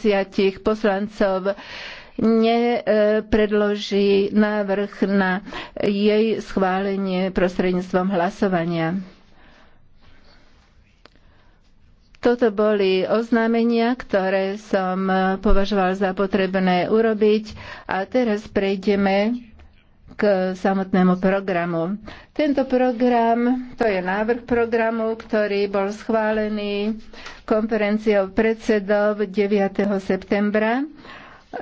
30 poslancov nepredloží návrh na jej schválenie prostredníctvom hlasovania. Toto boli oznámenia, ktoré som považoval za potrebné urobiť a teraz prejdeme k samotnému programu. Tento program, to je návrh programu, ktorý bol schválený konferenciou predsedov 9. septembra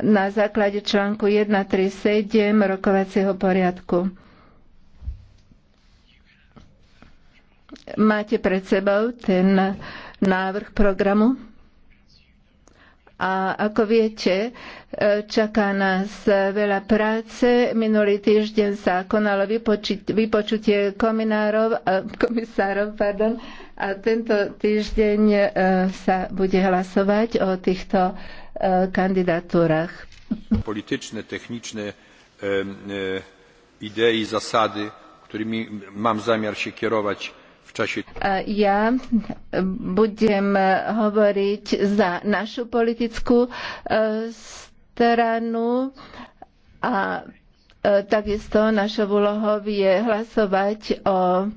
na základe článku 137 rokovacieho poriadku. Máte pred sebou ten návrh programu? A ako viete, e, čaká nás veľa práce. Minulý týždeň sa konalo vypočutie kominárov, e, komisárov pardon, a tento týždeň e, sa bude hlasovať o týchto kandidatúrach. Polityczne, techniczne idei, zasady, którymi mam zamiar się kierować ja e, budem e, hovoriť za našu politickú e, stranu a takisto našou úlohou je hlasovať o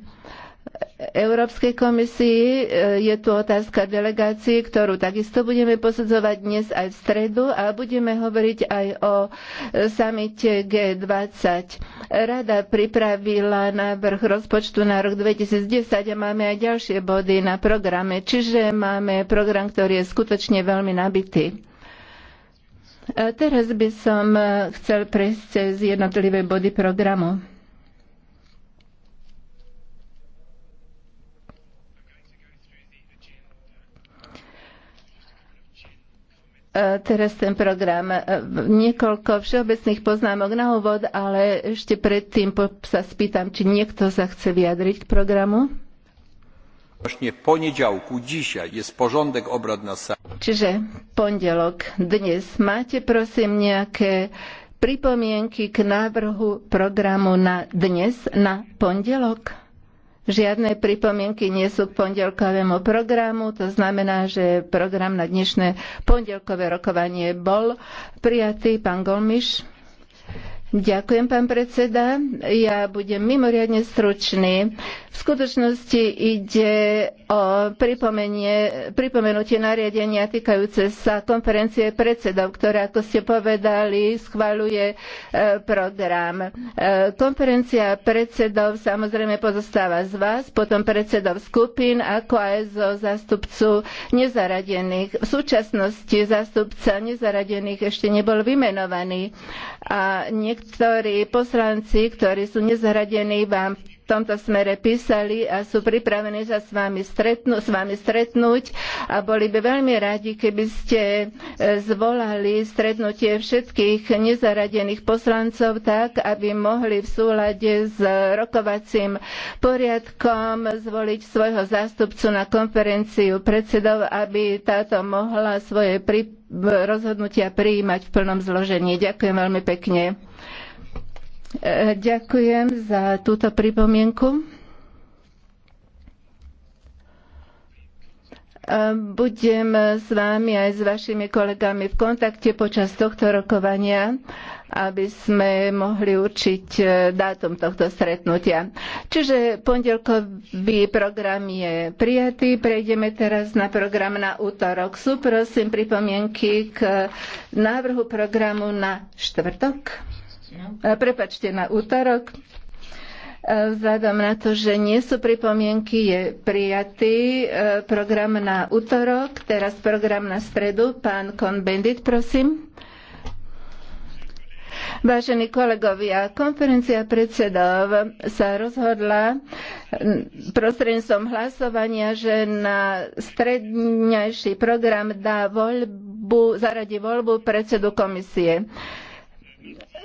Európskej komisii e, je tu otázka delegácií, ktorú takisto budeme posudzovať dnes aj v stredu a budeme hovoriť aj o e, samite G20. Rada pripravila návrh rozpočtu na rok 2010 a máme aj ďalšie body na programe, čiže máme program, ktorý je skutočne veľmi nabitý. A teraz by som e, chcel prejsť cez jednotlivé body programu. E, teraz ten program. E, niekoľko všeobecných poznámok na úvod, ale ešte predtým sa spýtam, či niekto sa chce vyjadriť k programu. dzisiaj obrad na Čiže pondelok dnes. Máte prosím nejaké pripomienky k návrhu programu na dnes, na pondelok? Žiadne pripomienky nie sú k pondelkovému programu, to znamená, že program na dnešné pondelkové rokovanie bol prijatý. Pán Golmiš. Ďakujem, pán predseda. Ja budem mimoriadne stručný. V skutočnosti ide o pripomenutie nariadenia týkajúce sa konferencie predsedov, ktorá, ako ste povedali, schvaľuje e, program. E, konferencia predsedov samozrejme pozostáva z vás, potom predsedov skupín, ako aj zo zástupcu nezaradených. V súčasnosti zástupca nezaradených ešte nebol vymenovaný a niekto ktorí poslanci, ktorí sú nezhradení, vám tomto smere písali a sú pripravení sa s vami, stretnú, s vami stretnúť a boli by veľmi radi, keby ste e, zvolali stretnutie všetkých nezaradených poslancov tak, aby mohli v súlade s rokovacím poriadkom zvoliť svojho zástupcu na konferenciu predsedov, aby táto mohla svoje pri... rozhodnutia prijímať v plnom zložení. Ďakujem veľmi pekne. Eh, ďakujem za túto pripomienku. Eh, budem s vámi aj s vašimi kolegami v kontakte počas tohto rokovania, aby sme mohli určiť eh, dátum tohto stretnutia. Čiže pondelkový program je prijatý. Prejdeme teraz na program na útorok. Sú prosím pripomienky k návrhu programu na štvrtok. E, prepačte, na útorok. E, vzhľadom na to, že nie sú pripomienky, je prijatý e, program na útorok, teraz program na stredu. Pán Kohn-Bendit, prosím. Vážení kolegovia, konferencia predsedov sa rozhodla prostredníctvom hlasovania, že na strednejší program dá voľbu, zaradi voľbu predsedu komisie.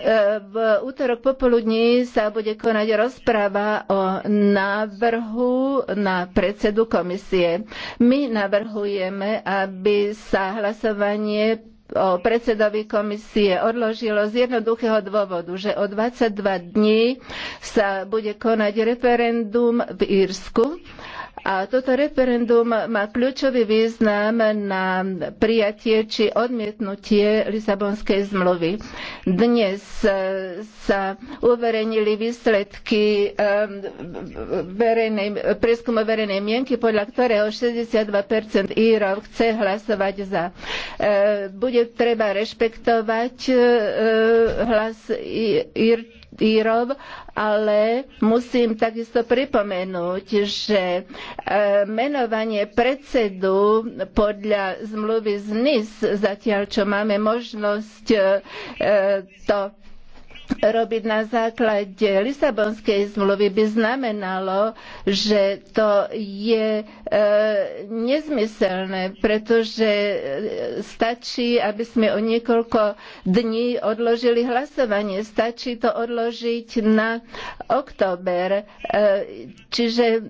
E, v útorok popoludní sa bude konať rozpráva o návrhu na predsedu komisie. My navrhujeme, aby sa hlasovanie o predsedovi komisie odložilo z jednoduchého dôvodu, že o 22 dní sa bude konať referendum v Írsku a toto referendum má kľúčový význam na prijatie či odmietnutie Lisabonskej zmluvy. Dnes e, sa uverejnili výsledky e, verejnej, prieskumu verejnej mienky, podľa ktorého 62% Írov chce hlasovať za. E, bude treba rešpektovať hlas Ír Írov, ale musím takisto pripomenúť, že E, menovanie predsedu podľa zmluvy z NIS, zatiaľ čo máme možnosť e, e, to robiť na základe Lisabonskej zmluvy by znamenalo, že to je e, nezmyselné, pretože e, stačí, aby sme o niekoľko dní odložili hlasovanie. Stačí to odložiť na október. E, čiže e,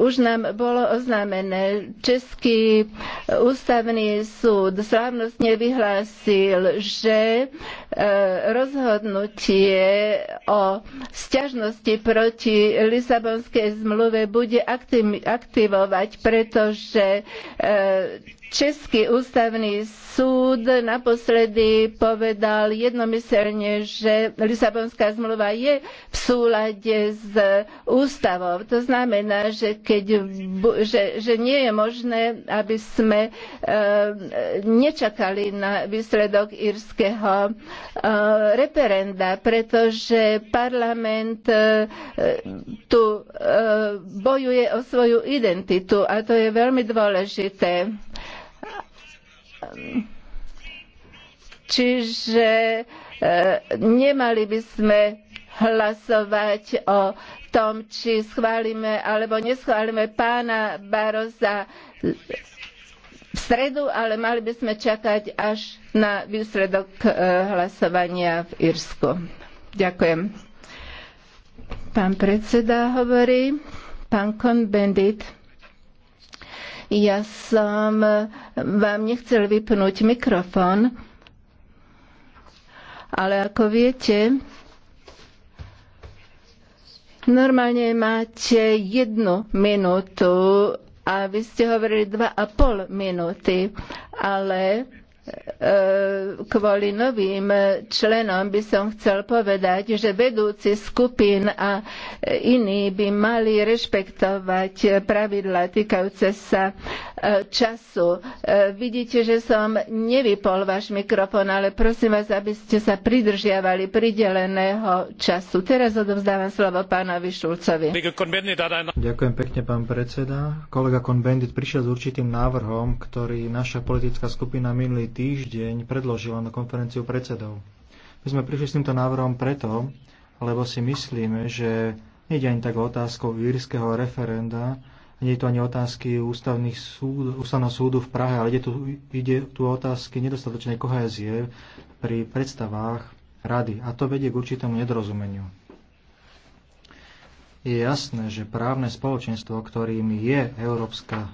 už nám bolo oznámené, Český ústavný súd slávnostne vyhlásil, že e, rozhodnú rozhodnutie o sťažnosti proti Lisabonskej zmluve bude aktivovať, pretože e, Český ústavný súd naposledy povedal jednomyselne, že Lisabonská zmluva je v súlade s ústavou. To znamená, že, keď, že, že nie je možné, aby sme e, nečakali na výsledok írskeho e, referenda referenda, pretože parlament e, tu e, bojuje o svoju identitu a to je veľmi dôležité. Čiže e, nemali by sme hlasovať o tom, či schválime alebo neschválime pána Baroza v stredu, ale mali by sme čakať až na výsledok eh, hlasovania v Irsku. Ďakujem. Pán predseda hovorí, pán Kohn-Bendit, ja som eh, vám nechcel vypnúť mikrofón, ale ako viete, normálne máte jednu minútu a vy ste hovorili 2,5 minúty, ale e, kvôli novým členom by som chcel povedať, že vedúci skupín a iní by mali rešpektovať pravidla týkajúce sa času. E, vidíte, že som nevypol váš mikrofón, ale prosím vás, aby ste sa pridržiavali prideleného času. Teraz odovzdávam slovo pánovi Šulcovi. Ďakujem pekne, pán predseda. Kolega Konbendit prišiel s určitým návrhom, ktorý naša politická skupina minulý týždeň predložila na konferenciu predsedov. My sme prišli s týmto návrhom preto, lebo si myslíme, že nejde ani tak o otázku írskeho referenda, nie je to ani otázky ústavných súd, ústavného súdu v Prahe, ale ide tu, ide tu otázky nedostatočnej kohézie pri predstavách rady. A to vedie k určitému nedorozumeniu. Je jasné, že právne spoločenstvo, ktorým je Európska,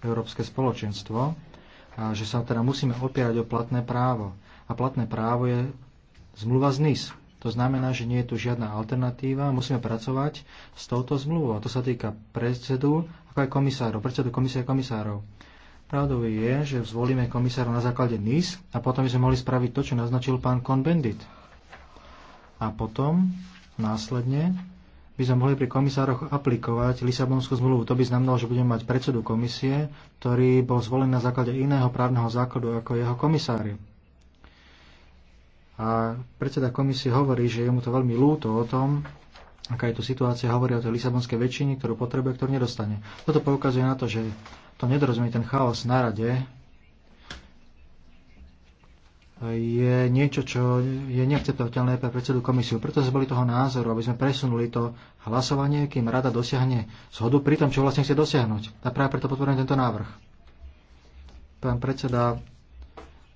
Európske spoločenstvo, a že sa teda musíme opierať o platné právo. A platné právo je zmluva z NIS. To znamená, že nie je tu žiadna alternatíva, musíme pracovať s touto zmluvou. A to sa týka predsedu komisárov, predsedu komisie komisárov. Pravdou je, že zvolíme komisárov na základe NIS a potom by sme mohli spraviť to, čo naznačil pán Kohn-Bendit. A potom, následne, by sme mohli pri komisároch aplikovať Lisabonskú zmluvu. To by znamenalo, že budeme mať predsedu komisie, ktorý bol zvolený na základe iného právneho základu ako jeho komisári. A predseda komisie hovorí, že je mu to veľmi lúto o tom, aká je tu situácia, hovorí o tej lisabonskej väčšine, ktorú potrebuje, ktorú nedostane. Toto poukazuje na to, že to nedorozumie, ten chaos na rade je niečo, čo je neakceptovateľné pre predsedu komisiu. Preto sme boli toho názoru, aby sme presunuli to hlasovanie, kým rada dosiahne zhodu pri tom, čo vlastne chce dosiahnuť. A práve preto podporujem tento návrh. Pán predseda,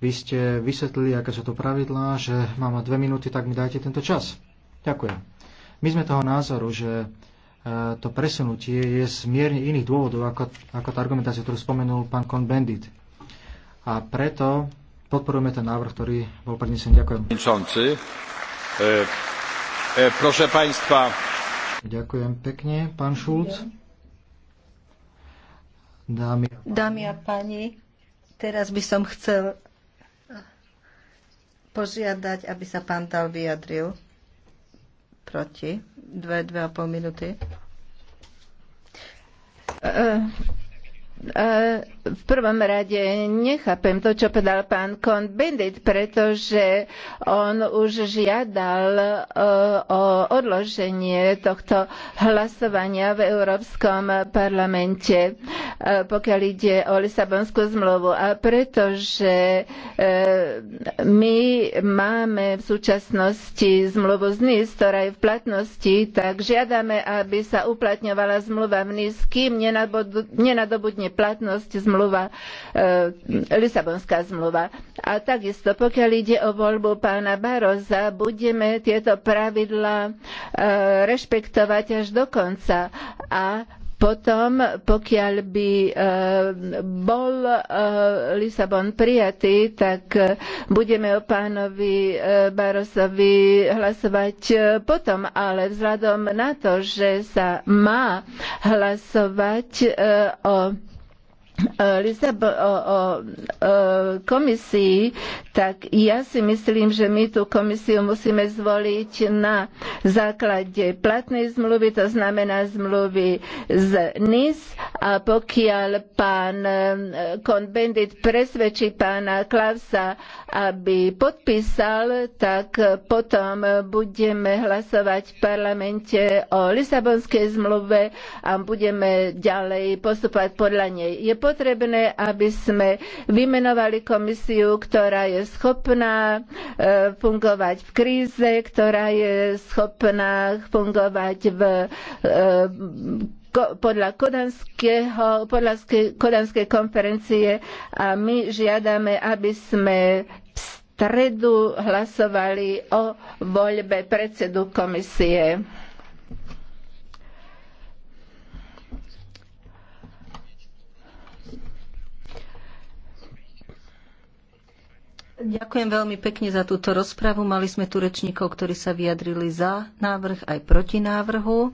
vy ste vysvetlili, aké sú to pravidlá, že mám dve minúty, tak mi dajte tento čas. Ďakujem. My sme toho názoru, že e, to presunutie je z mierne iných dôvodov, ako, ako tá argumentácia, ktorú spomenul pán Kon Bendit. A preto podporujeme ten návrh, ktorý bol prednesený. Ďakujem. E, e, proszę państwa. Ďakujem pekne, pán Šulc. Dámy a, páni. Dámy a páni, teraz by som chcel požiadať, aby sa pán Tal vyjadril proti. Dve, dve a pol minúty. E, e, E, v prvom rade nechápem to, čo povedal pán Kon Bendit, pretože on už žiadal e, o odloženie tohto hlasovania v Európskom parlamente, e, pokiaľ ide o Lisabonskú zmluvu. A pretože my máme v súčasnosti zmluvu z NIS, ktorá je v platnosti, tak žiadame, aby sa uplatňovala zmluva v NIS, kým nenadobudne platnosť zmluva, e, Lisabonská zmluva. A takisto, pokiaľ ide o voľbu pána Baroza, budeme tieto pravidla e, rešpektovať až do konca. A potom, pokiaľ by e, bol e, Lisabon prijatý, tak e, budeme o pánovi Barosovi hlasovať potom, ale vzhľadom na to, že sa má hlasovať o Lisab- o, o, o komisii, tak ja si myslím, že my tú komisiu musíme zvoliť na základe platnej zmluvy, to znamená zmluvy z NIS a pokiaľ pán e, Konbendit presvedčí pána Klausa, aby podpísal, tak potom budeme hlasovať v parlamente o Lisabonskej zmluve a budeme ďalej postupovať podľa nej. Je pod potrebné, aby sme vymenovali komisiu, ktorá je schopná e, fungovať v kríze, ktorá je schopná fungovať v e, podľa, kodanského, podľa kodanskej konferencie a my žiadame, aby sme v stredu hlasovali o voľbe predsedu komisie. Ďakujem veľmi pekne za túto rozpravu. Mali sme tu rečníkov, ktorí sa vyjadrili za návrh aj proti návrhu.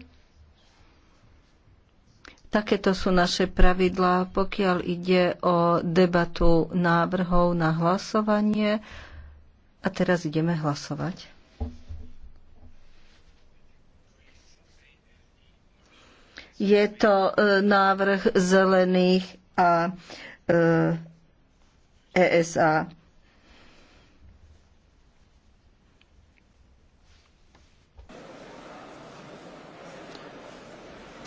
Takéto sú naše pravidlá, pokiaľ ide o debatu návrhov na hlasovanie. A teraz ideme hlasovať. Je to e, návrh zelených a ESA. E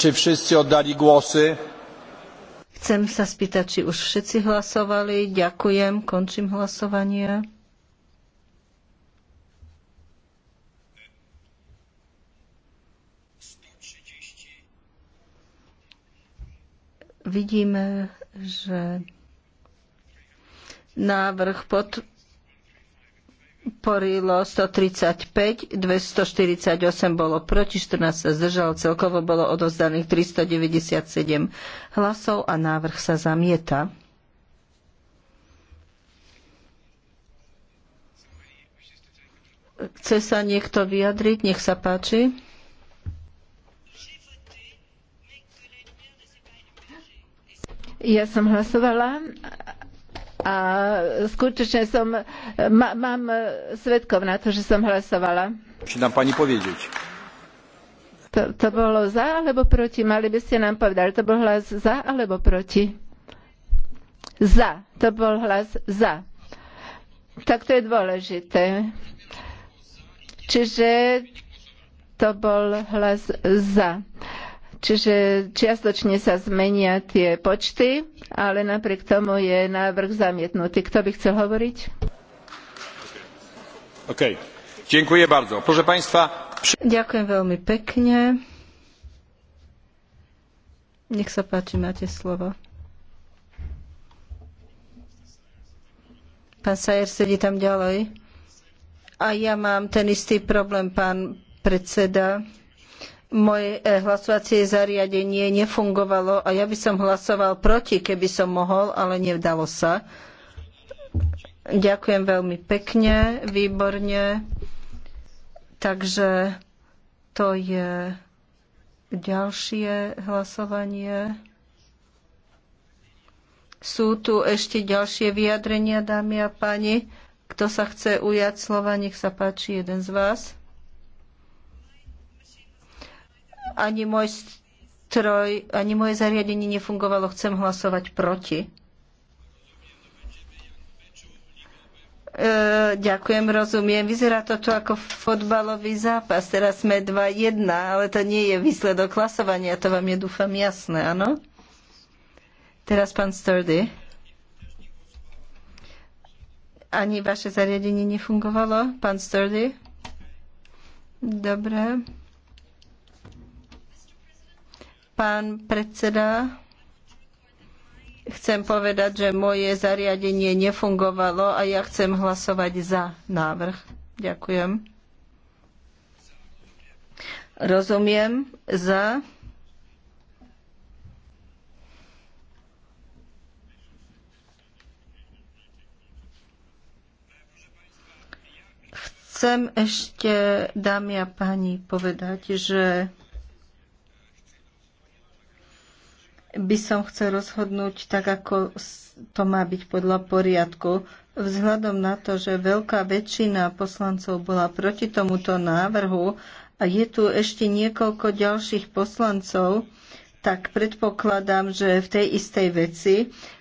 Czy wszyscy oddali głosy? Chcem sa spýtať, či už všetci hlasovali. Ďakujem, končím hlasovanie. Vidíme, že návrh pod porilo 135, 248 bolo proti, 14 sa zdržalo, celkovo bolo odozdaných 397 hlasov a návrh sa zamieta. Chce sa niekto vyjadriť? Nech sa páči. Ja som hlasovala, a skutočne som, ma, mám e, svetkov na to, že som hlasovala. Či nám pani povedieť. To, to bolo za alebo proti? Mali by ste nám povedať, to bol hlas za alebo proti? Za. To bol hlas za. Tak to je dôležité. Čiže to bol hlas za. Čiže čiastočne sa zmenia tie počty, ale napriek tomu je návrh zamietnutý. Kto by chcel hovoriť? OK. Ďakujem bardzo. Proszę Państwa. Ďakujem veľmi pekne. Nech sa páči, máte slovo. Pán Sajer sedí tam ďalej. A ja mám ten istý problém, pán predseda moje e, hlasovacie zariadenie nefungovalo a ja by som hlasoval proti, keby som mohol, ale nevdalo sa. Ďakujem veľmi pekne, výborne. Takže to je ďalšie hlasovanie. Sú tu ešte ďalšie vyjadrenia, dámy a páni. Kto sa chce ujať slova, nech sa páči jeden z vás. Ani môj stroj, ani moje zariadenie nefungovalo. Chcem hlasovať proti. E, ďakujem, rozumiem. Vyzerá to tu ako fotbalový zápas. Teraz sme 2-1, ale to nie je výsledok hlasovania. To vám je, dúfam, jasné, áno? Teraz pán Sturdy. Ani vaše zariadenie nefungovalo, pán Sturdy? Dobre. Pán predseda, chcem povedať, že moje zariadenie nefungovalo a ja chcem hlasovať za návrh. Ďakujem. Rozumiem. Za. Chcem ešte, dámy a páni, povedať, že by som chcel rozhodnúť tak, ako to má byť podľa poriadku. Vzhľadom na to, že veľká väčšina poslancov bola proti tomuto návrhu a je tu ešte niekoľko ďalších poslancov, tak predpokladám, že v tej istej veci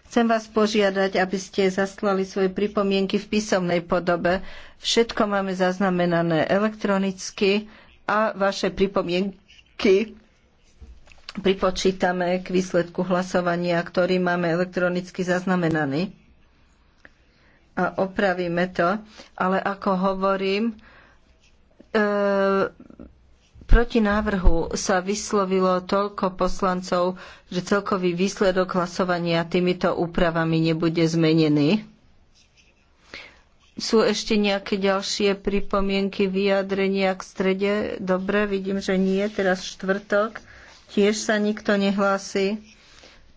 chcem vás požiadať, aby ste zaslali svoje pripomienky v písomnej podobe. Všetko máme zaznamenané elektronicky a vaše pripomienky pripočítame k výsledku hlasovania, ktorý máme elektronicky zaznamenaný a opravíme to. Ale ako hovorím, e, proti návrhu sa vyslovilo toľko poslancov, že celkový výsledok hlasovania týmito úpravami nebude zmenený. Sú ešte nejaké ďalšie pripomienky, vyjadrenia k strede? Dobre, vidím, že nie. Teraz štvrtok. Tiež sa nikto nehlási.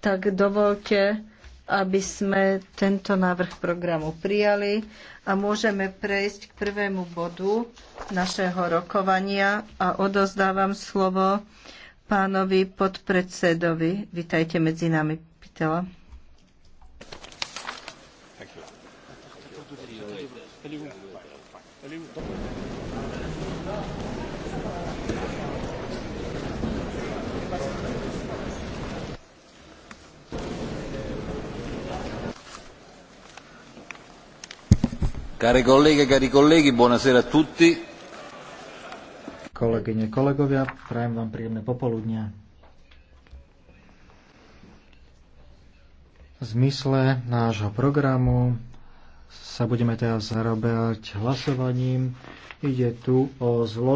Tak dovolte, aby sme tento návrh programu prijali a môžeme prejsť k prvému bodu našeho rokovania a odozdávam slovo pánovi podpredsedovi. Vítajte medzi nami, Pitela. Thank you. Care colleghe, cari colleghi, buonasera a tutti. Kolegyne, kolegovia, prajem vám príjemné popoludnia. V zmysle nášho programu sa budeme teraz zarobiať hlasovaním. Ide tu o zloženie